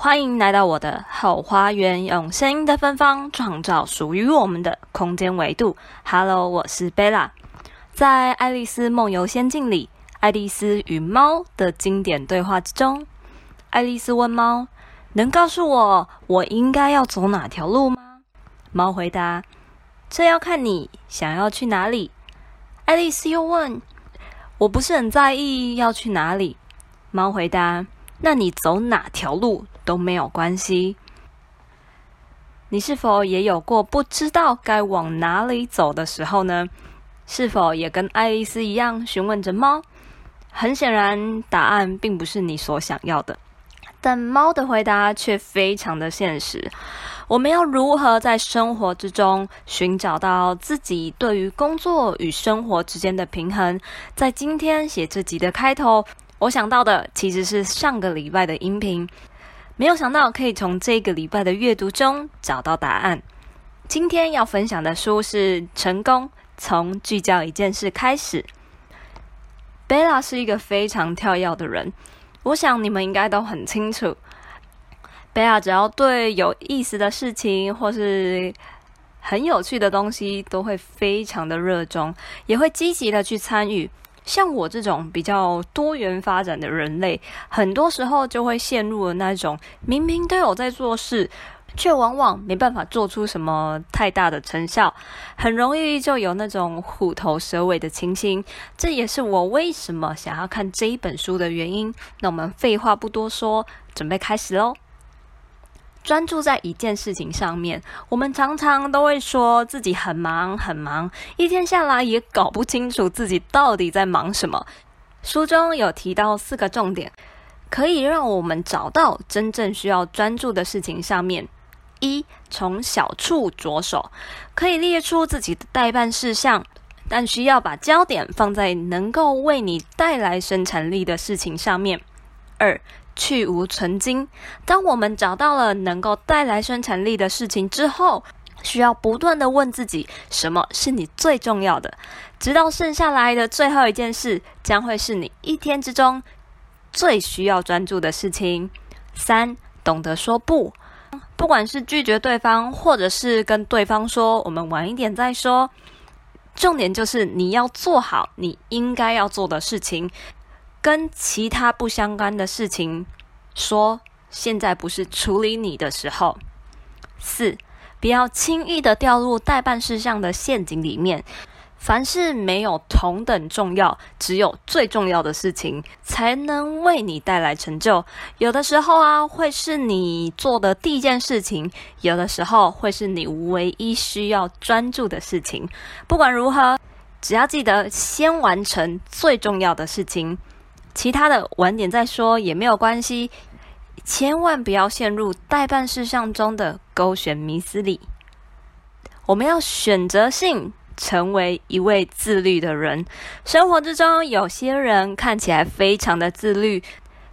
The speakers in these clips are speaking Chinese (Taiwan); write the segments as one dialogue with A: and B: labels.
A: 歡迎來到我的後花園，用聲音的芬芳創造屬於我們的空間維度。Hello，我是 Bella。在《愛麗絲夢遊仙境》裡，愛麗絲與貓的經典對話之中，愛麗絲問貓：“能告訴我我應該要走哪條路嗎？”貓回答：“這要看你想要去哪裡。”愛麗絲又問：“我不是很在意要去哪裡。”貓回答：“那你走哪條路？”都沒有關係。你是否也有過不知道該往哪裡走的時候呢？是否也跟愛麗絲一樣詢問着貓？很顯然，答案並不是你所想要的，但貓的回答卻非常的現實。我們要如何在生活之中尋找到自己對於工作與生活之間的平衡？在今天寫這集的開頭，我想到的其實是上個禮拜的音頻。沒有想到可以從這個禮拜的閱讀中找到答案。今天要分享的書是《成功，從聚焦一件事開始》。貝拉是一個非常跳躍的人，我想你們應該都很清楚。貝拉只要對有意思的事情或是很有趣的東西，都會非常的熱衷，也會積極的去參與。像我這種比較多元發展的人類，很多時候就會陷入了那種明明都有在做事，卻往往沒辦法做出什麼太大的成效，很容易就有那種虎頭蛇尾的情形。這也是我為什麼想要看這一本書的原因。那我們廢話不多說，準備開始嘍。專注在一件事情上面，我們常常都會說自己很忙很忙，一天下來也搞不清楚自己到底在忙什麼。書中有提到四個重點，可以讓我們找到真正需要專注的事情上面：一，從小處着手，可以列出自己的待辦事項，但需要把焦點放在能夠為你帶來生產力的事情上面；二，去蕪存菁。當我們找到了能夠帶來生產力的事情之後，需要不斷的問自己，什麼是你最重要的，直到剩下來的最後一件事，將會是你一天之中最需要專注的事情。三，懂得說不，不管是拒絕對方，或者是跟對方說，我們晚一點再說，重點就是你要做好你應該要做的事情。跟其他不相干的事情說，現在不是處理你的時候。四，不要輕易的掉入待辦事項的陷阱裡面。凡事沒有同等重要，只有最重要的事情才能為你帶來成就。有的時候啊，會是你做的第一件事情；有的時候，會是你唯一需要專注的事情。不管如何，只要記得先完成最重要的事情。其他的晚點再說也沒有關係，千萬不要陷入待辦事項中的勾選迷思裡。我們要選擇性成為一位自律的人。生活之中，有些人看起來非常的自律，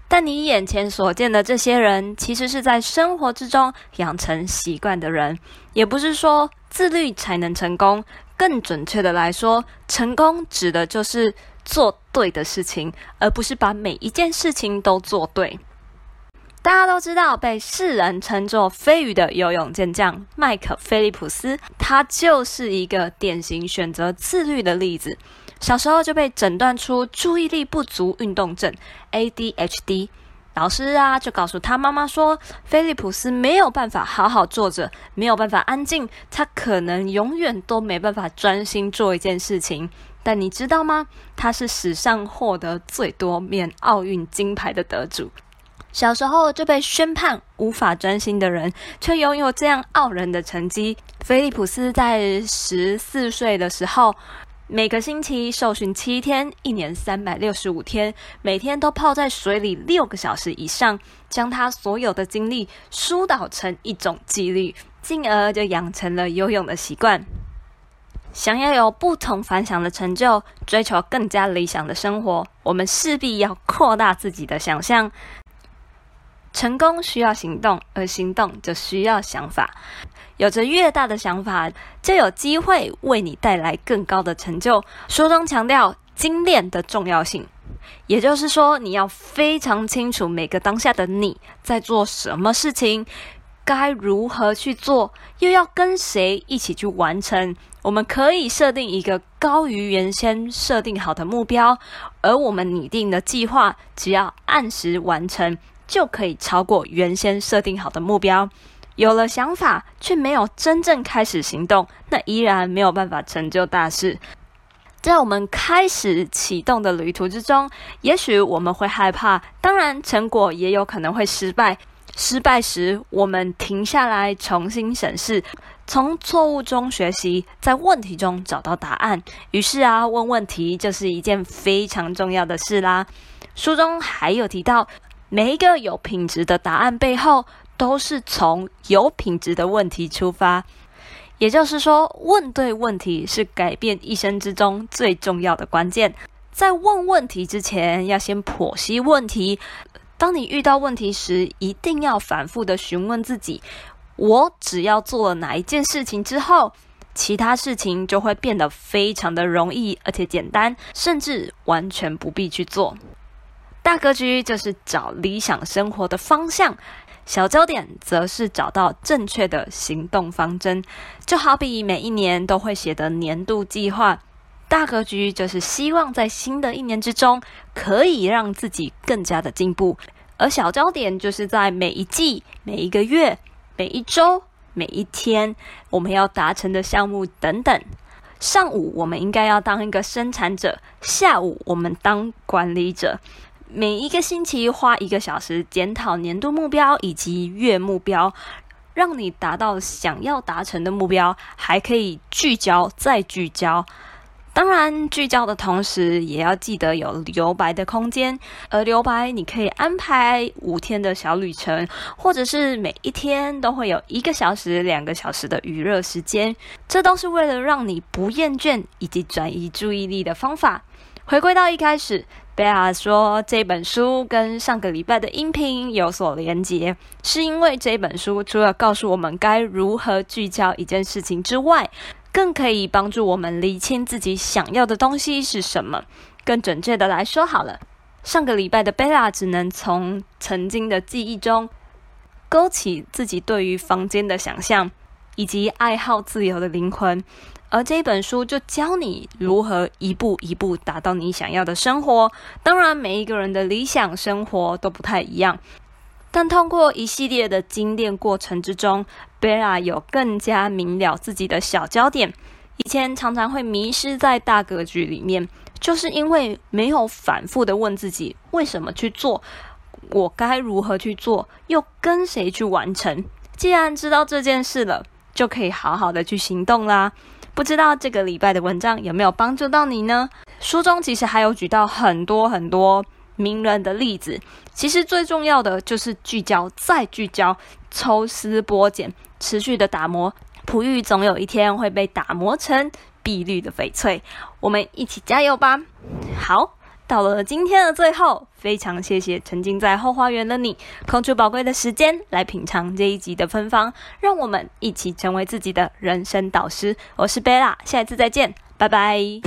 A: 但你眼前所見的這些人，其實是在生活之中養成習慣的人。也不是說自律才能成功，更準確的來說，成功指的就是。做對的事情，而不是把每一件事情都做對。大家都知道，被世人稱作“飛魚”的游泳健將麥克·菲利普斯，他就是一個典型選擇自律的例子。小時候就被診斷出注意力不足運動症 （ADHD），老師啊就告訴他媽媽說：“菲利普斯沒有辦法好好坐着，沒有辦法安靜，他可能永遠都沒辦法專心做一件事情。”但你知道嗎？他是史上獲得最多面奧運金牌的得主。小時候就被宣判無法專心的人，卻擁有這樣傲人的成績。菲利普斯在十四歲的時候，每個星期受訓七天，一年三百六十五天，每天都泡在水裡六個小時以上，將他所有的精力疏導成一種紀律，進而就養成了游泳的習慣。想要有不同凡響的成就，追求更加理想的生活，我們勢必要擴大自己的想象。成功需要行動，而行動就需要想法。有着越大的想法，就有機會為你帶來更高的成就。書中強調精煉的重要性，也就是說，你要非常清楚每個當下的你在做什麼事情。該如何去做，又要跟誰一起去完成？我們可以設定一個高於原先設定好的目標，而我們擬定的計劃只要按時完成，就可以超過原先設定好的目標。有了想法卻沒有真正開始行動，那依然沒有辦法成就大事。在我們開始啟動的旅途之中，也許我們會害怕，當然成果也有可能會失敗。失敗時，我們停下來重新審視，從錯誤中學習，在問題中找到答案。於是啊，問問題就是一件非常重要的事啦。書中還有提到，每一個有品質的答案背後，都是從有品質的問題出發。也就是說，問對問題是改變一生之中最重要的關鍵。在問問題之前，要先剖析問題。當你遇到問題時，一定要反覆的詢問自己：我只要做了哪一件事情之後，其他事情就會變得非常的容易，而且簡單，甚至完全不必去做。大格局就是找理想生活的方向，小焦點則是找到正確的行動方針。就好比每一年都會寫的年度計劃。大格局就是希望在新的一年之中可以讓自己更加的進步，而小焦點就是在每一季、每一個月、每一周、每一天我們要達成的項目等等。上午我們應該要當一個生產者，下午我們當管理者。每一個星期花一個小時檢討年度目標以及月目標，讓你達到想要達成的目標，還可以聚焦再聚焦。當然，聚焦的同時也要記得有留白的空間。而留白，你可以安排五天的小旅程，或者是每一天都會有一個小時、兩個小時的娛樂時間。這都是為了讓你不厭倦以及轉移注意力的方法。回歸到一開始，貝拉說這本書跟上個禮拜的音頻有所連結，是因為這本書除了告訴我們該如何聚焦一件事情之外，更可以幫助我們理清自己想要的東西是什麼。更準確的來說，好了，上個禮拜的貝拉只能從曾經的記憶中勾起自己對於房間的想象，以及愛好自由的靈魂。而這一本書就教你如何一步一步達到你想要的生活。當然，每一個人的理想生活都不太一樣。但通過一系列的精煉過程之中，貝拉有更加明了自己的小焦點。以前常常會迷失在大格局裡面，就是因為沒有反覆的問自己為什麼去做，我該如何去做，又跟誰去完成。既然知道這件事了，就可以好好的去行動啦。不知道這個禮拜的文章有沒有幫助到你呢？書中其實還有舉到很多很多。名人的例子，其實最重要的就是聚焦，再聚焦，抽絲剝繭，持續的打磨，璞玉總有一天會被打磨成碧綠的翡翠。我們一起加油吧！好，到了今天的最後，非常謝謝沉浸在後花園的你，空出寶貴的時間來品嘗這一集的芬芳。讓我們一起成為自己的人生導師。我是貝拉，下一次再見，拜拜。